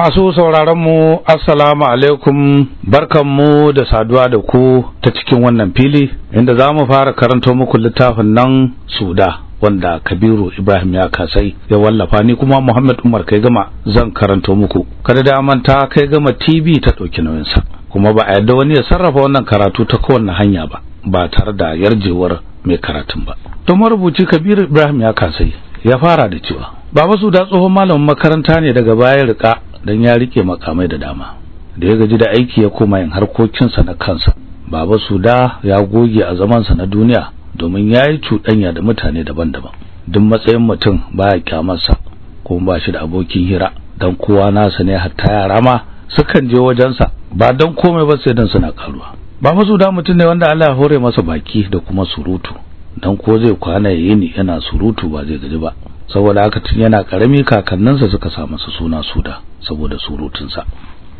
Masu sauraronmu, Assalamu alaikum, barkanmu da saduwa da ku ta cikin wannan fili, inda za mu fara karanto muku littafin nan Suda, wanda Kabiru Ibrahim ya kasai ya wallafa ni kuma Muhammad Umar kai gama zan karanto muku. Kada da manta kai gama TV ta ɗauki nauyinsa, kuma ba a yadda wani ya sarrafa wannan karatu ta kowane hanya ba, ba tare da yarjewar mai karatun ba. Don marubuci Kabiru Ibrahim ya kasai ya fara da cewa. Baba Suda tsohon malamin makaranta ne daga baya rika dan ya rike makamai da dama da ya gaji da aiki ya koma yin harkokinsa na kansa baba suda ya goge a zamansa na duniya domin ya yi cuɗanya da mutane daban-daban duk matsayin mutum baya kyamarsa kuma ba shi da abokin hira dan kowa nasa ne hatta yara ma sukan je wajensa ba dan komai ba sai dan suna karuwa Baba suda mutum ne wanda Allah ya hore masa baki da kuma surutu dan ko zai kwana yayi ni yana surutu ba zai gaji ba saboda haka tun yana karami kakanninsa suka sa masa suna Suda saboda surutunsa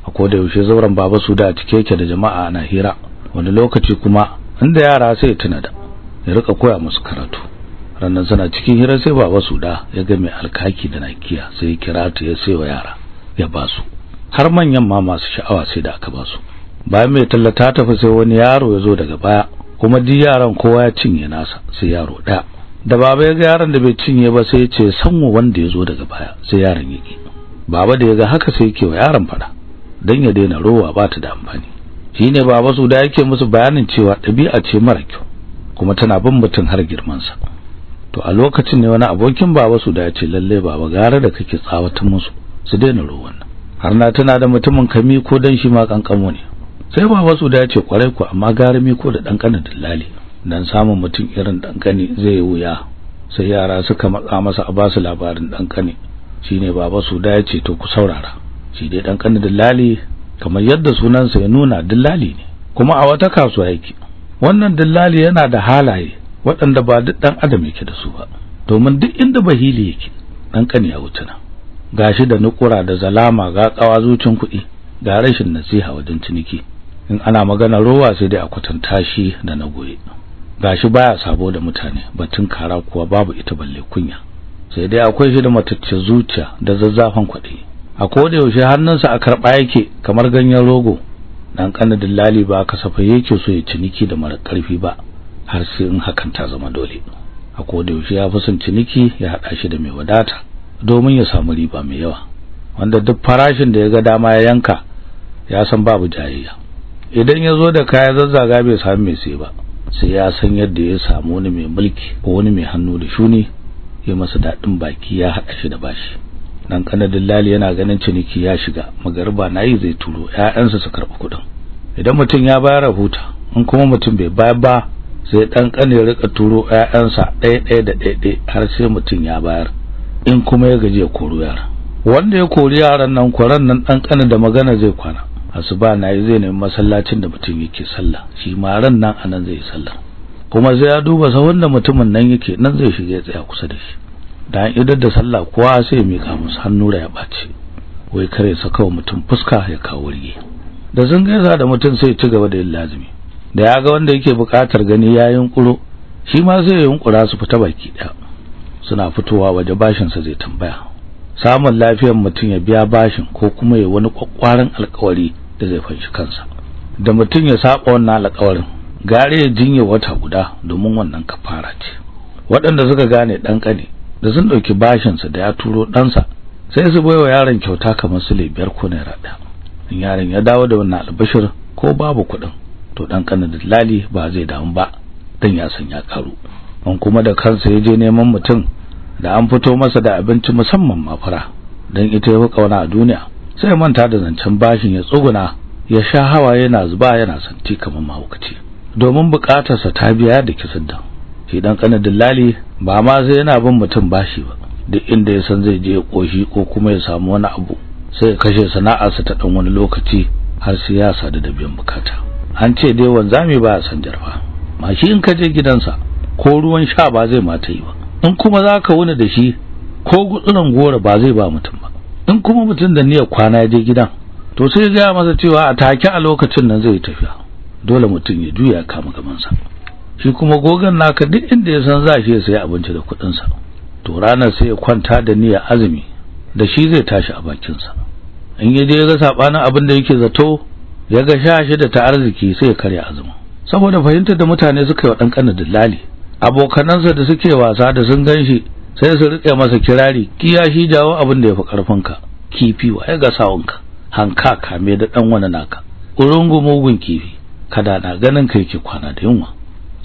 a koda yaushe zauren baba Suda a cike yake da jama'a ana hira wani lokaci kuma inda yara sai tuna da ya rika koya musu karatu rannan sana cikin hira sai baba Suda ya ga mai alkaki da nakiya sai ya kira ta ya wa yara ya ba su har manyan ma masu sha'awa sai da aka ba su bayan mai tallata tafi sai wani yaro ya zo daga baya kuma duk yaran kowa ya cinye nasa sai yaro ɗaya da baba ya ga yaron da bai cinye ba sai ya ce san wa wanda ya zo daga baya sai yaron ya ke. baba da ya ga haka sai yake wa yaron fada dan ya daina rowa ba ta da amfani Shi ne baba su da yake musu bayanin cewa ɗabi'a ce mara kyau kuma tana bin mutum har girmansa. to a lokacin ne wani abokin baba su da ya ce lalle baba gara da kake tsawata musu su daina rowan har na tana da mutumin kami ko dan shi ma kankamo ne sai baba su da ya ce kwarai ku amma gara mi ko da dan kanin dillali dan samun mutum irin dankane zai wuya sai yara suka matsa masa a basu labarin dankane shine baba su da yace to ku saurara shi dai kani dillali kamar yadda sunansa ya nuna dillali ne kuma a wata kasuwa yake wannan dillali yana da halaye waɗanda ba duk dan adam yake da su ba domin duk inda bahili yake dankane ya wuce na gashi da nukura da zalama ga kawa zucin kuɗi ga rashin nasiha wajen ciniki in ana magana rowa sai dai a kwatanta shi da na goye shi baya sabo da mutane batun kara kuwa babu ita balle kunya sai dai akwai shi da matacce zuciya da zazzafan kwaɗi a koda yaushe hannunsa a karɓa yake kamar ganyen rogo dan kanadin lali ba kasafa yake so ya ciniki da mara ƙarfi ba har sai in hakan ta zama dole a koda yaushe ya fi son ciniki ya haɗa shi da mai wadata domin ya samu riba mai yawa wanda duk farashin da ya ga dama ya yanka ya san babu jayayya idan ya zo da kaya zazzaga bai samu mai sai ba sai ya san yadda ya samu wani mai mulki ko wani mai hannu da shuni ya masa dadin baki ya hada shi da bashi dan kanadin lali yana ganin ciniki ya shiga magariba nayi zai turo ƴaƴansa su karɓi kuɗin. idan mutum ya bayar huta in kuma mutum bai bayar ba sai dan kan ya rika turo ƴaƴansa ɗaya ɗaya da ɗaya ɗaya har sai mutum ya bayar in kuma ya gaje koro yara wanda ya kori yaran nan kwaran nan dan kanin da magana zai kwana asuba na yi zai nemi masallacin da mutum yake sallah shi ma ran nan anan zai sallah kuma zai ya duba sahun da mutumin nan yake nan zai shiga ya tsaya kusa da shi dan idar da sallah kowa sai ya mika musu hannu da ya bace wai kare saka wa mutum fuska ya kawo rige da sun gaisa da mutum sai ci gaba da yin lazimi da ya ga wanda yake buƙatar gani ya yunkuro shi ma zai ya yunkura su fita baki ɗaya suna fitowa waje bashin sa zai tambaya samun lafiyar mutum ya biya bashin ko kuma ya wani kwakwaran alkawari da zai fanshi kansa da mutum ya saba wannan alƙawarin gare ya jinya wata guda domin wannan kafara ce waɗanda suka gane dan kane da sun dauki bashin sa da ya turo ɗansa sai su baiwa yaron kyauta kamar su biyar ko naira ɗaya in yaron ya dawo da wannan albashir ko babu kuɗin to dan kane da lali ba zai damu ba dan ya san ya karu an kuma da kansa ya je neman mutum da an fito masa da abinci musamman ma fara dan ita ya fi kauna a duniya sai manta da zancen bashin ya tsuguna ya sha hawa yana zuba yana santi kamar mahaukaci domin bukatarsa ta biya da kisan Idan shi dan dillali ba ma sai yana bin mutum bashi ba duk inda ya san zai je ya koshi ko kuma ya samu wani abu sai ya kashe sana'arsa ta dan wani lokaci har sai ya sadu da biyan bukata an ce dai wanzami ba san jarfa ma shi in ka je gidansa ko ruwan sha ba zai mata yi ba in kuma zaka wuni da shi ko gutsunan gora ba zai ba mutum ba in kuma mutum da niyyar kwana ya je gidan to sai gaya masa cewa a take a lokacin nan zai tafiya dole mutum ya juya kama gamansa shi kuma gogon naka duk inda ya san za shi ya abinci da sa to ranar sai ya kwanta da niyyar azumi da shi zai tashi a bakinsa in ya je ya ga sabanin abin da yake zato ya ga sha shi da ta arziki sai ya karya azumi saboda fahimtar da mutane suka yi wa ɗan ƙanin dillali abokanansa da suke wasa da sun gan shi sai su rike masa kirari kiya shi jawo abin da ya fi karfinka kifi wa? waye ga sawunka hanka kame da dan wani naka urungu mugun kifi kada na ganin kai ki kwana da yunwa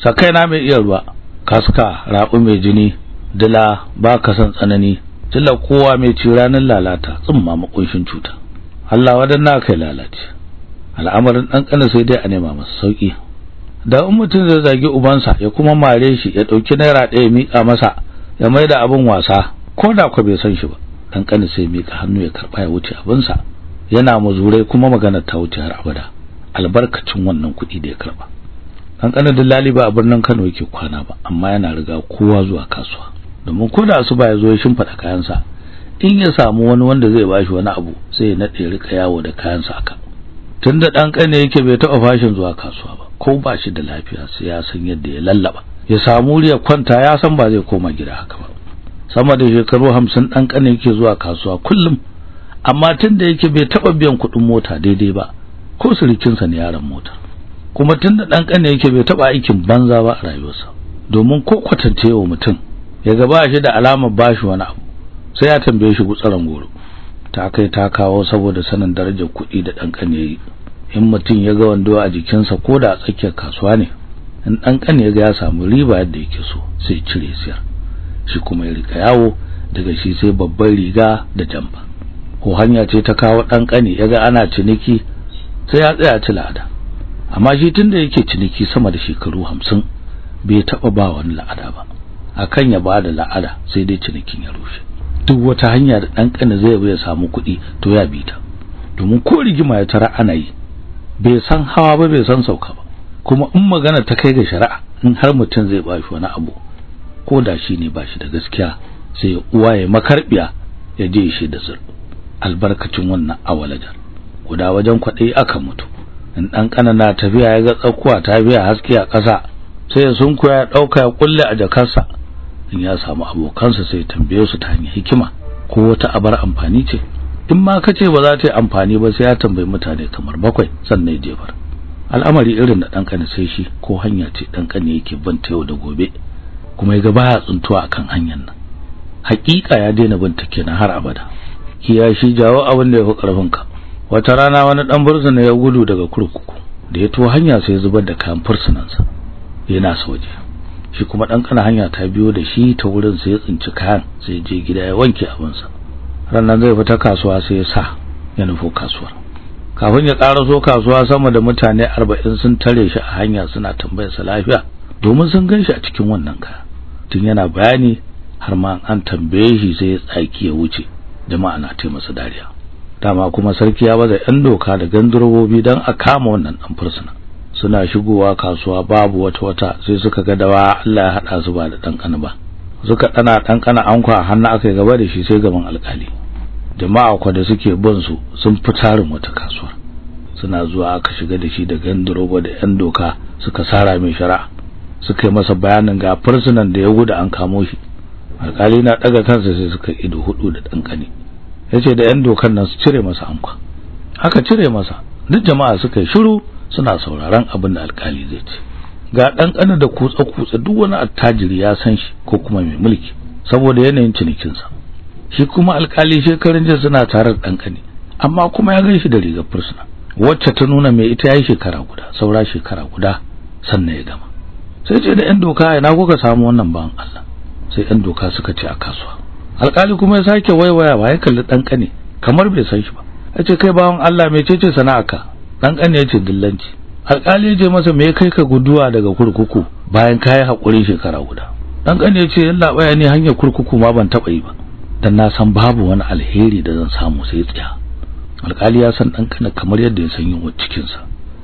sakai na mai iya ruwa kaska rabu mai jini dila ba ka san tsanani tilla kowa mai ci ranar lalata ma makunshin cuta Allah na kai lalace al'amarin dan kana sai dai a nema masa sauki da in mutum zai zagi ubansa ya kuma mare shi ya dauki naira ɗaya mika masa ya mai da abin wasa ko da ku bai san shi ba dan kani sai mika hannu ya karba ya wuce abinsa yana muzurai kuma magana ta wuce har abada albarkacin wannan kuɗi da ya karba dan kani dillali ba a birnin Kano yake kwana ba amma yana riga kowa zuwa kasuwa domin ko da su ba ya zo ya kayan sa in ya samu wani wanda zai bashi wani abu sai ya nade rika yawo da kayansa aka tunda dan kani yake bai taɓa fashin zuwa kasuwa ba ko ba shi da lafiya sai ya san yadda ya lallaba ya samu ya kwanta ya san ba zai koma gida haka ba sama da shekaru hamsin dan kanin yake zuwa kasuwa kullum amma tunda yake bai taba biyan kuɗin mota daidai ba ko sirikinsa ne yaron mota kuma tunda dan kanin yake bai taɓa aikin banza ba a rayuwarsa domin ko kwatance wa mutum ya gaba shi da alamar bashi wani abu sai ya tambaye shi gutsaran goro ta kai ta kawo saboda sanin darajar kuɗi da dan kanin yi, in mutum ya ga wando a jikinsa ko da a tsakiyar kasuwa ne in dan kan ya ga ya samu riba yadda yake so sai cire siyar shi kuma ya rika yawo daga shi sai babban riga da jamba ko hanya ce ta kawo dan kani yaga ana ciniki sai ya tsaya ci lada amma shi tunda yake ciniki sama da shekaru 50 bai taba ba wani la'ada ba akan ya bada la'ada sai dai cinikin ya rushe duk wata hanya da dan kan zai bi ya samu kuɗi to ya bi ta domin ko rigima ya tara ana yi bai san hawa ba bai san sauka ba kuma in magana ta kai ga shari'a in har mutum zai bashi wani abu ko da shi ne bashi da gaskiya sai ya uwa ya makarbiya ya je shi da zur albarkacin wannan awalajar guda wajen kwaɗayi aka mutu in ɗan ƙanana tafiya ya ga tsakuwa ta biya haske a ƙasa sai ya sunkuya ya ɗauka ya kulle a jakarsa in ya samu abokansa sai ya tambaye su ta hanyar hikima ko wata abar amfani ce in ma kace ba za ta yi amfani ba sai ya tambayi mutane kamar bakwai sannan ya jefar al'amari irin da danka ne sai shi ko hanya ce danka ne yake banta yau da gobe kuma yaga baya tsuntuwa akan hanyar nan hakika ya daina banta na har abada Kiyashi shi jawo abin da ya fi karfin ka wata rana wani dan bursuna ya gudu daga kurkuku da ya tuwo hanya sai zubar da kayan fursunansa yana soje shi kuma dan kana hanya ta biyo da shi ta wurin sai ya tsinci kayan sai je gida ya wanke abinsa rannan zai fita kasuwa sai ya sa ya nufo kasuwar kafin ya karaso kasuwa sama da mutane arba'in sun tare shi a hanya suna tambayar sa lafiya domin sun ganshi a cikin wannan kaya tun yana bayani har ma an tambaye shi sai ya tsaki ya wuce jama'a na taimaka masa dariya dama kuma sarki ya baza yan doka da gandurobi dan a kama wannan dan fursuna suna shigowa kasuwa babu wata wata sai suka ga dawa Allah ya hada su ba da dan ba suka dana dan kana har hannu aka gaba da shi sai gaban alkali jama'a kwa da suke bin su sun fi tarin wata kasuwar suna zuwa aka shiga da shi da gandiroba da yan doka suka sara mai shari'a suka yi masa bayanin ga fursunan da ya gudu an kamo shi alkali na daga kansa sai suka ido hudu da dankani yace da yan dokan nan su cire masa anka haka cire masa duk jama'a suka yi shiru suna sauraron abin da alkali zai ce ga dankani da kutsa kutsa duk wani attajiri ya san shi ko kuma mai mulki saboda yanayin cinikinsa shi kuma alkali shekarun jiya suna tare tarar dankani amma kuma ya shi da rigar fursuna wacce ta nuna mai ita yayi shekara guda saura shekara guda sannan ya gama sai ce da yan doka ina kuka samu wannan ban Allah sai yan doka suka ce a kasuwa alkali kuma ya sake waiwaya ba ya kalli dankani kamar bai san shi ba yace kai bawan Allah mecece sana'arka dankani yace dillanci alkali ya je masa me kai ka guduwa daga kurkuku bayan kai hakuri shekara guda dankani yace yalla baya ne hanyar kurkuku ma ban taba yi ba dan na san babu wani alheri da zan samu sai tsaya alƙali ya san dan kana kamar yadda ya san yunwa cikin sa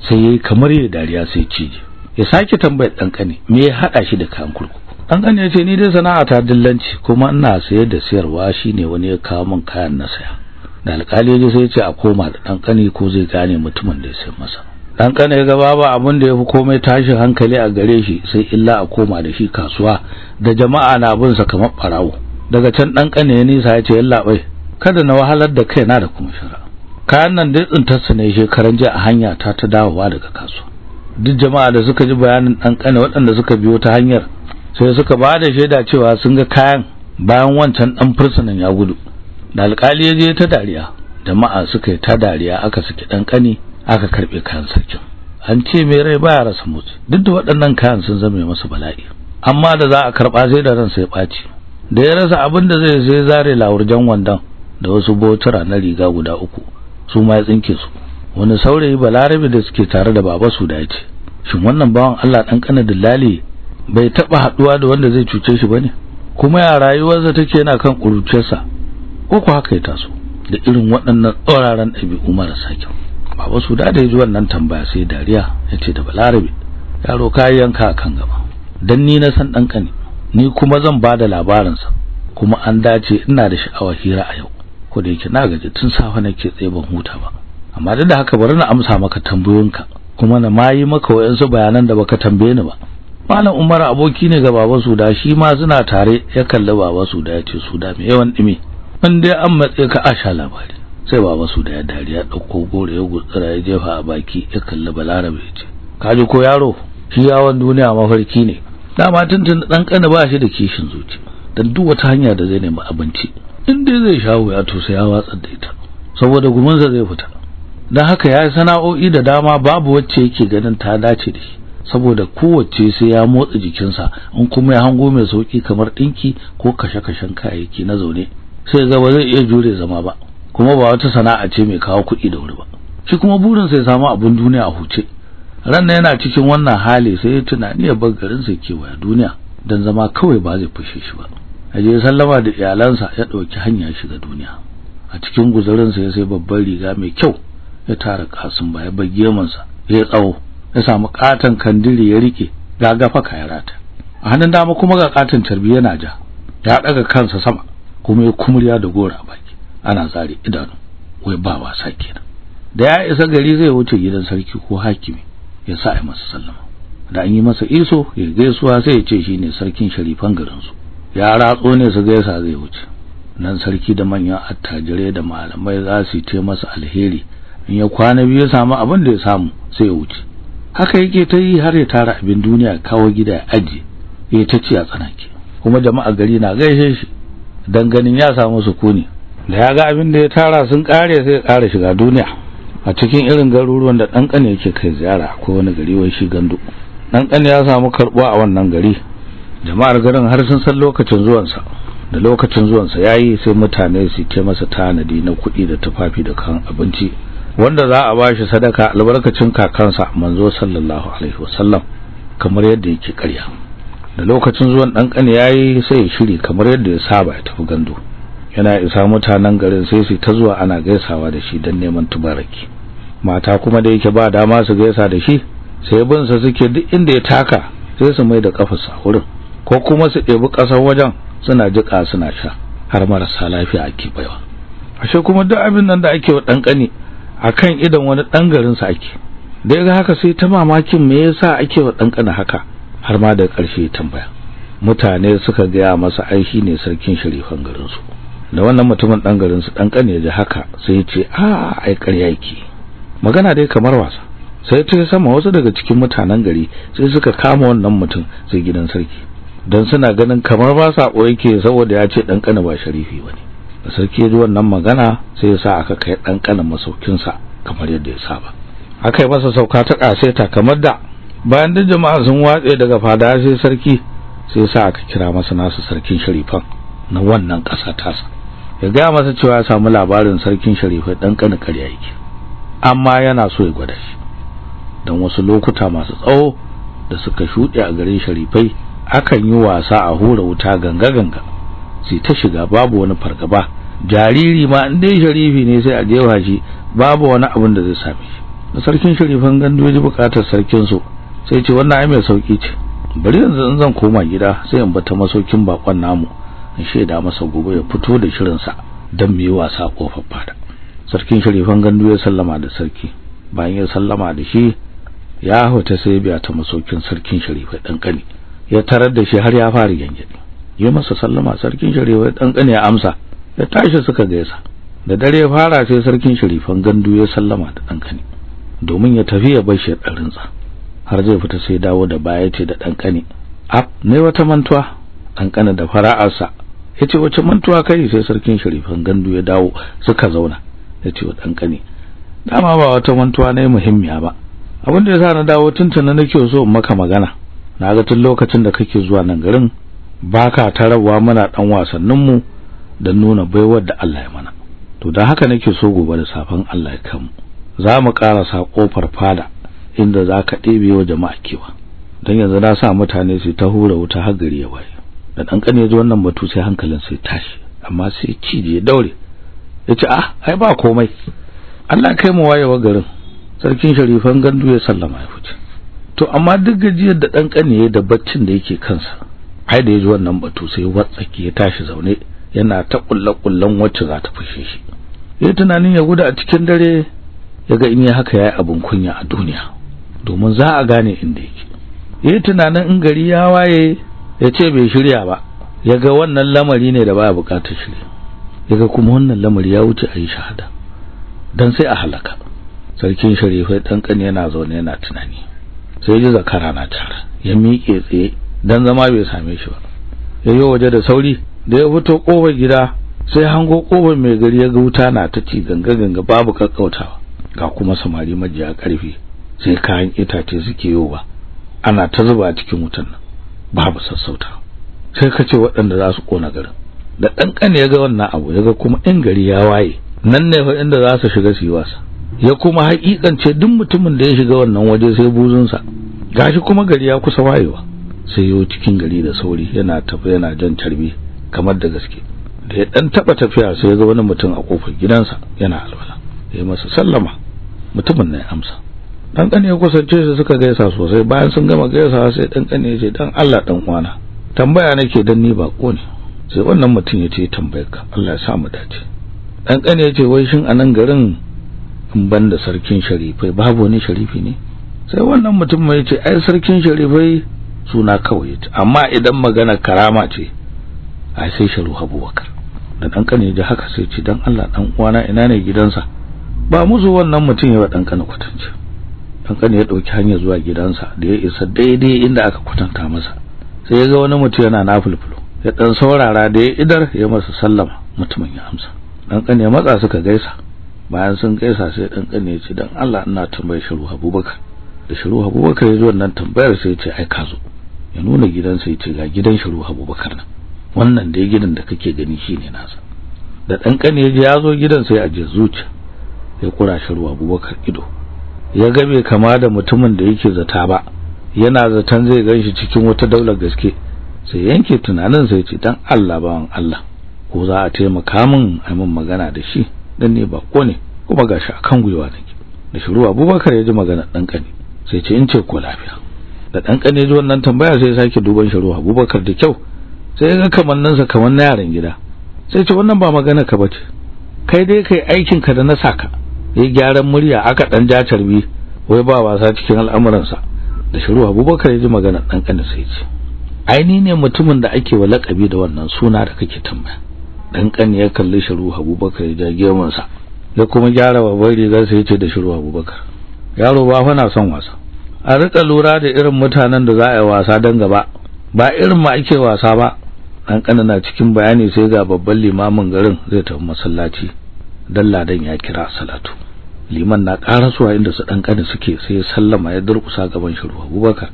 sai yayi kamar ya dariya sai ci ya sake tambayar dan kane me ya hada shi da kan kurkuku dan kane ya ce ni dai sana'a ta dillanci kuma ina sayar da sayarwa shine wani ya kawo min kayan na saya da alƙali ya sai ya ce a koma da dan kane ko zai gane mutumin da ya sayar masa dan kane ya ga babu abin da yafi komai tashin hankali a gare shi sai illa a koma da shi kasuwa da jama'a na bin sa kamar barawo daga can dan kane ya nisa ya ce bai kada na wahalar da kaina da kuma shara kayan nan dai tsintarsu ne shekaran jiya a hanya ta ta dawowa daga kasuwa duk jama'a da suka ji bayanin dan kane waɗanda suka biyo ta hanyar sai suka ba da shaida cewa sun ga kayan bayan wancan dan fursunan ya gudu da alƙali ya je ta dariya jama'a suka yi ta dariya aka saki dan kane aka karbe kayan sarkin an ce mai rai ba ya rasa mutu duk da waɗannan kayan sun zame masa bala'i amma da za a karɓa sai da sai ya ɓaci da ya rasa abin da zai sai zare lawurjan wandan da wasu botura na riga guda uku su ma ya tsinke su wani saurayi balarabe da suke tare da baba su da ya ce shin wannan bawan Allah dan kana dillali bai taba haduwa da wanda zai cuce shi bane kuma ya rayuwarsa take yana kan kuruciyarsa uku haka ya taso da irin waɗannan tsoraran ɗabi'u marasa kyau baba su da da ji wannan tambaya sai dariya ya ce da balarabe yaro kayan yanka a kan gaba dan ni na san dan kani ni kuma zan ba da labarinsa kuma an dace ina da sha'awar hira a yau ko da yake na gaji tun safe nake tsaye ban huta ba amma duk da haka bari na amsa maka tambayoyinka kuma na mayi maka wayansu bayanan da baka tambaye ni ba malam Umar aboki ne ga baba Suda shi ma suna tare ya kalli baba Suda ya ce Suda me yawan dimi in dai an matse ka asha labari sai baba Suda ya dariya dauko gore ya gutsura ya jefa a baki ya kalli Balarabe ya ce kaji ko yaro shi yawon duniya mafarki ne dama tuntun dan kana ba shi da kishin zuci dan duk wata hanya da zai nemi abinci in dai zai sha ya to sai ya watsar da ita saboda gumansa zai fita dan haka ya sana'o'i da dama babu wacce yake ganin ta dace da shi saboda kowace sai ya motsa jikinsa in kuma ya hango mai sauki kamar dinki ko kashe-kashen kayayyaki na zaune sai ga zai iya jure zama ba kuma ba wata sana'a ce mai kawo kuɗi da wuri ba shi kuma burin sai samu abin duniya a huce ranna yana cikin wannan hali sai ya tunani ya bar garin sa ke waya duniya dan zama kawai ba zai fushe shi ba aje sallama da iyalansa ya dauki hanya shiga duniya a cikin guzarin sa ya sai babban riga mai kyau ya tara kasun ba ya bar sa ya tsawo ya samu katan kandiri ya rike gagafa rata. a hannun dama kuma ga katan tarbi yana ja ya daga kansa sama kuma ya kumurya da gora a baki ana zare idanu wai ba wasa kenan da ya isa gari zai wuce gidan sarki ko hakimi ya sa ai masa sallama da an yi masa iso ya gaisuwa sai ya ce shine sarkin sharifan garin su ya ratso ne su gaisa zai wuce nan sarki da manyan attajirai da malamai za su ce masa alheri in ya kwana biyu ya samu abin da ya samu sai ya wuce haka yake ta yi har ya tara abin duniya kawo gida ya aje ya ta ci a tsanake kuma jama'a gari na gaishe shi dan ganin ya samu sukuni da ya ga abin da ya tara sun kare sai ya kara shiga duniya a cikin irin garuruwan da dan kane yake kai ziyara ko wani gari wai shi gandu dan kane ya samu karbuwa a wannan gari jama'ar garin har sun san lokacin zuwansa da lokacin zuwansa ya yi sai mutane su ke masa tanadi na kuɗi da tufafi da kan abinci wanda za a bashi sadaka albarkacin kakansa manzo sallallahu alaihi wasallam kamar yadda yake ƙarya da lokacin zuwan dan kane yayi sai ya shiri kamar yadda ya saba ya tafi gandu yana isa mutanen garin sai su ta zuwa ana gaisawa da shi don neman tubaraki mata kuma da yake ba dama su gaisa da shi sai bin sa suke duk inda ya taka sai su mai da kafarsa wurin ko kuma su ɗebi ƙasar wajen suna jiƙa suna sha har marasa lafiya ake baiwa ashe kuma duk abin nan da ake wa ɗanƙani akan idan wani ɗan garin sa ake da yaga haka sai ta mamakin me yasa ake wa ɗanƙani haka har ma da ƙarshe tambaya mutane suka gaya masa ai ne sarkin sharifan garinsu. su da wannan mutumin dan garin su dan kane ji haka sai ya ce a ai ƙarya yake magana dai kamar wasa sai ta sama wasu daga cikin mutanen gari sai suka kama wannan mutum sai gidan sarki dan suna ganin kamar ba sa yake saboda ya ce dan kane ba sharifi bane da sarki ya ji wannan magana sai ya sa aka kai dan kane masaukin sa kamar yadda ya saba aka yi masa sauka ta ta kamar da bayan da jama'a sun watse daga fada sai sarki sai sa aka kira masa nasu sarkin sharifan na wannan ƙasa tasa ya ga masa cewa ya samu labarin sarkin sharifai dan kanin ƙarya yake amma yana so ya gwada shi dan wasu lokuta masu tsawo da suka shuɗe a garin sharifai akan yi wasa a hura wuta ganga ganga sai ta shiga babu wani fargaba jariri ma in sharifi ne sai a jefa shi babu wani abin da zai same shi da sarkin sharifan ji bukatar sarkin su sai ce wannan ai mai sauki ce bari yanzu in zan koma gida sai in bata masaukin bakon namu in shaida masa gobe ya fito da shirin sa dan yi wasa kofar fada sarkin sharifan gandu ya sallama da sarki bayan ya sallama da shi ya huta sai biya ta masaukin sarkin Shirifai dan kani ya tarar da shi har ya fara gangadi ya masa sallama sarkin Shirifai dan kani ya amsa ya tashi suka gaisa da dare ya fara sai sarkin sharifan gandu ya sallama da dan kani domin ya tafi ya bar shi ɗarinsa har zai fita sai dawo da baya ce da dan kani ab ne wata mantuwa kankana da fara'arsa yace wace mantuwa kai sai sarkin sharifan gandu ya dawo suka zauna yace wa dankani dama ba wata mantuwa ne muhimmiya ba abin da yasa na dawo na nake so in maka magana naga tun lokacin da kake zuwa nan garin baka tarawa muna dan wasannin mu da nuna baiwar da Allah ya mana to da haka nake so gobe da safan Allah ya kamu za mu karasa kofar fada inda za ka ɗebe wa jama'a kewa don yanzu na sa mutane su ta hura wuta har gari ya waye da dan ya wannan batu sai hankalin sai tashi amma sai cije ya daure yace ah ai ba komai Allah kai mu wayewa garin sarkin sharifan gandu ya sallama ya fice to amma duk gajiyar da ɗan ya da baccin da yake kansa ai da ya ji wannan batu sai watsake ya tashi zaune yana ta kullun wacce za ta fushe shi yayi tunanin ya gudu a cikin dare yaga in ya haka yayi abun kunya a duniya domin za a gane inda yake yayi tunanin in gari ya waye ya ce bai shirya ba ya ga wannan lamari ne da ba baya bukatar shirya ya ga kuma wannan lamari ya wuce a yi shahada don sai a halaka sarkin sharifai kani yana zaune yana tunani sai ji zakara na tara ya miƙe tsaye don zama bai same shi ba ya yi waje da sauri da ya fito ƙofar gida sai hango ƙofar mai gari ya ga wuta na ta ci ganga ganga babu kakkautawa ga kuma samari majiya ƙarfi sai kayan itace suke yowa ana ta zuba cikin wutan nan babu sassauta sai ka ce waɗanda za su kona garin da ɗan ɗanƙan ya ga wannan abu ya ga kuma ɗan gari ya waye nan ne fa inda za su shiga su yi wasa ya kuma haƙiƙance duk mutumin da ya shiga wannan waje sai buzunsa gashi kuma gari ya kusa wayewa sai yau cikin gari da sauri yana tafi yana jan tarbi kamar da gaske da ya ɗan taɓa tafiya sai ya ga wani mutum a kofar gidansa yana alwala ya masa sallama mutumin na ya amsa dan kane ya kusance shi suka gaisa sosai bayan sun gama gaisawa sai dan ya ce dan Allah dan uwana tambaya nake dan ni bako ne sai wannan mutum ya ce tambayar ka Allah ya sa mu dace dan ya ce wai shin anan garin in banda sarkin sharifai babu wani sharifi ne sai wannan mutum mai ce ai sarkin sharifai suna kawai amma idan magana karama ce ai sai sharu wakar. da dan ya ji haka sai ce dan Allah dan uwana ina ne gidansa ba musu wannan mutum ya wa dan kwatance kankani ya dauki hanyar zuwa gidansa da ya isa daidai inda aka kwatanta masa sai ya ga wani mutum yana nafulfulo ya dan saurara da ya idar ya masa sallama mutumin ya amsa kan ya matsa suka gaisa bayan sun gaisa sai kan ya ce dan Allah ina tambayar shiru Abubakar da shiru Abubakar ya zo wannan tambayar sai ya ce ai ka zo ya nuna gidansa ya ce ga gidan shiru Abubakar nan wannan dai gidan da kake gani shine nasa da kan ya je ya zo gidan sai a je zuciya ya kura shiru Abubakar ido ya ga bai kama da mutumin da yake zata ba yana zatan zai ganshi cikin wata daular gaske sai yanke tunanin sai ce dan Allah bawan Allah ko za a taimaka min a min magana da shi dan ne bako ne kuma gashi akan gwiwa take da shiru Abubakar ya ji magana dan kani sai ce in ce ko lafiya da dan kani ji wannan tambaya sai ya sake duban shiru Abubakar da kyau sai ya ga kamannin sa kaman na yaran gida sai ce wannan ba magana ka bace kai dai kai aikin ka da na saka Yi gyaran murya aka dan ja tarbi wai ba wasa cikin al'amuransa da shiru abubakar ya ji magana dan kanin sai ce aini ne mutumin da ake wa lakabi da wannan suna da kake tambaya dan kan ya kalli shiru abubakar ya jage sa da kuma gyara babban rigar sai ce da shiru abubakar yaro ba fa na son wasa a rika lura da irin mutanen da za a yi wasa dan gaba ba irin ma ake wasa ba dan kanin na cikin bayani sai ga babban limamin garin zai tafi masallaci Dalladan ya kira salatu liman na karasuwa inda su dan kani suke sai ya sallama ya durkusa gaban shi ruwa abubakar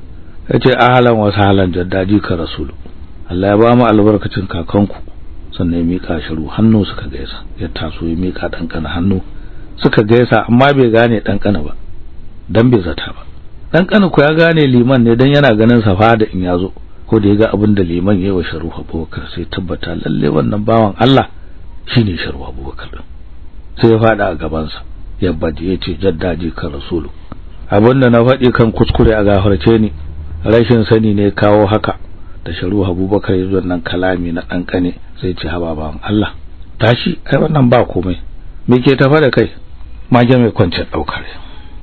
yace ahlan wa sahlan jaddaji ka rasulu Allah ya ba mu albarkacin kakanku sannan ya mika shi ruwa hannu suka gaisa ya taso ya mika dan hannu suka gaisa amma bai gane dan ba dan bai zata ba dan ku ya gane liman ne dan yana ganin safa da in yazo ko da ya ga abin da liman yayi wa sharuha abubakar sai tabbata lalle wannan bawan Allah shine sharuha abubakar sai ya fada a gabansa yabba ya ce jaddaji kan rasulu abinda na faɗi kan kuskure a gafarce ni rashin sani ne kawo haka da sharu abubakar ya nan kalami na ɗan ƙane sai ce haba ba Allah tashi ai wannan ba komai me ke tafa da kai mage mai kwance ɗaukar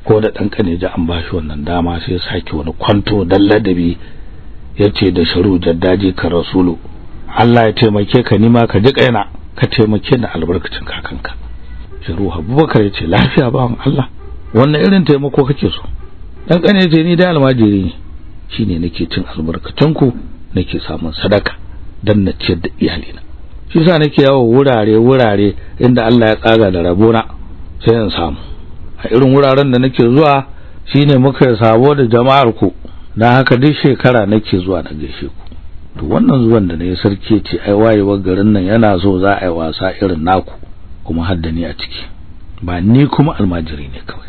ko da ɗan ƙane ji an ba shi wannan dama sai ya sake wani kwanto dan ladabi ya ce da sharu jaddaji kan rasulu Allah ya taimake ka nima ka ji kaina ka taimake ni albarkacin kakanka shiru abubakar ya ce lafiya bawan Allah wannan irin taimako kake so dan kane ce ni da almajiri ne shine nake cin albarkatun ku nake samun sadaka dan na ciyar da iyalina shi yasa nake yawo wurare wurare inda Allah ya tsaga da rabona sai in samu a irin wuraren da nake zuwa shine muka sabo da jama'ar ku dan haka duk shekara nake zuwa na gaishe ku to wannan zuwan da ne sarki ce ai wayewar garin nan yana so za a yi wasa irin naku kuma har ni a ciki ba ni kuma almajiri ne kawai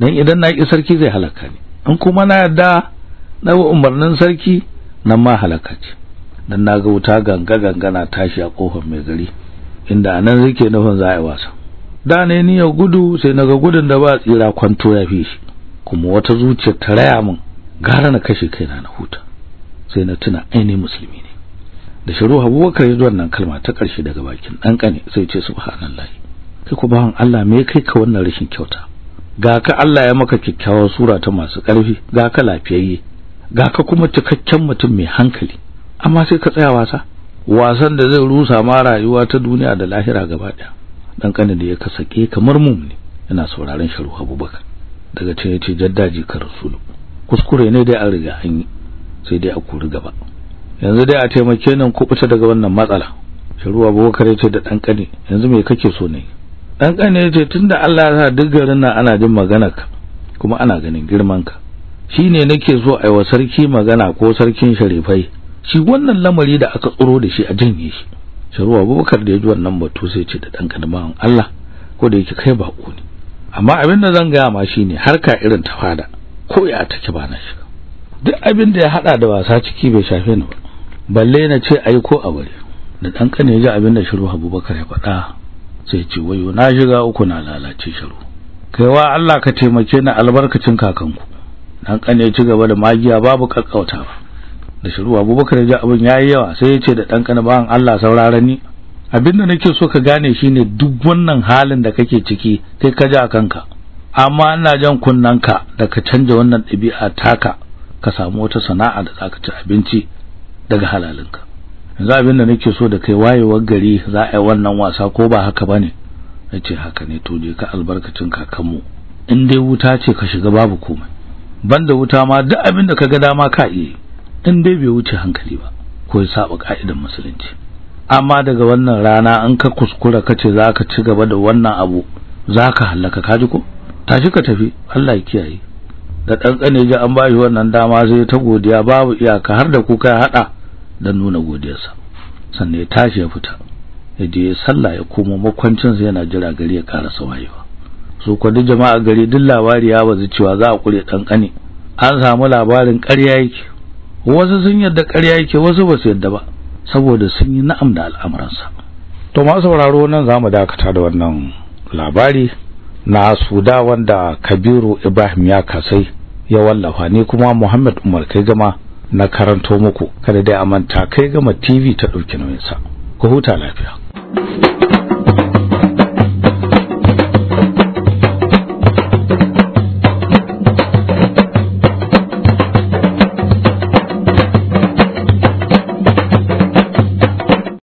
dan idan na ki sarki zai halaka ni in kuma na yadda na bi umarnin sarki nan ma halaka ce dan naga wuta ganga ganga na tashi a kofar mai gari inda anan zake nufin za a yi wasa da ne ni ya gudu sai naga gudun da ba tsira kwanto ya fi shi kuma wata zuciyar ta raya min gara na kashe kaina na huta sai na tuna aini musulmi ne da shiru abubakar ya ji wannan kalma ta ƙarshe daga bakin ɗan ƙane sai ce subhanallahi kai ku bawan Allah me kai ka wannan rashin kyauta ga ka Allah ya maka kyakkyawar sura ta masu ƙarfi ga ka lafiyayye ga ka kuma cikakken mutum mai hankali amma sai ka tsaya wasa wasan da zai rusa ma rayuwa ta duniya da lahira gaba ɗaya ɗan ƙane da ya kasake kamar ne yana sauraron shiru abubakar daga can ya ce jaddaji ka rasulu kuskure ne dai an riga an yi sai dai a kori gaba yanzu dai a taimake nan ku fita daga wannan matsala shiru abubakar ya ce da dan kane yanzu me kake so ne dan kane ya ce tunda Allah ya sa duk garin nan ana jin maganar ka kuma ana ganin girman girmanka shine nake so ai wa sarki magana ko sarkin sharifai shi wannan lamari da aka tsoro da shi a janye shi shiru abubakar da ya ji wannan batu sai ce da dan man Allah ko da yake kai bako ne amma abin da zan gaya ma shine ka irin ta fada ko ya take ba na shiga duk abin da ya hada da wasa ciki bai shafe ni ba balle na ce ai ko a bari da dan kane ji abin da shiru Abubakar ya faɗa sai ce wayo na shiga uku na lalace shiru kaiwa Allah ka taimake ni albarkacin kakanku dan kane ci gaba da magiya babu kakkautawa da shiru Abubakar ya ji abin yayi yawa sai ya ce da dan kane an Allah sauraron ni da nake so ka gane shine duk wannan halin da kake ciki kai ka ji a kanka amma ina jan kunnanka da ka canja wannan ɗabi'a taka ka samu wata sana'a da zaka ci abinci daga halalinka yanzu abin da nake so da kai wayewar gari za a yi wannan wasa ko ba haka bane yace haka ne to je ka albarkacin kakanmu in dai wuta ce ka shiga babu komai banda wuta ma duk abin da ga dama ka yi in dai bai wuce hankali ba ko ya saba ka'idan musulunci amma daga wannan rana in ka kuskura kace zaka ci gaba da wannan abu Za zaka halaka kaji ko tashi ka tafi Allah ya kiyaye da dan kane ji an bashi wannan dama zai ta godiya babu iyaka har da kuka haɗa? dan nuna godiyarsa sannan ya tashi ya fita ya je sallah ya komo makwancinsa yana jira gari ya karasa wayewa su kwadi jama'a gari duk labari ya bazu cewa za a kure dan kane an samu labarin ƙarya yake wasu sun yadda ƙarya yake wasu ba su yadda ba saboda sun yi na'am da al'amuransa to masu sauraro nan zamu dakata da wannan labari na suda wanda Kabiru Ibrahim ya kasai ya wallafa ne kuma Muhammad Umar kai gama na karanto muku kada dai a manta kai gama TV ta dauki sa ku huta lafiya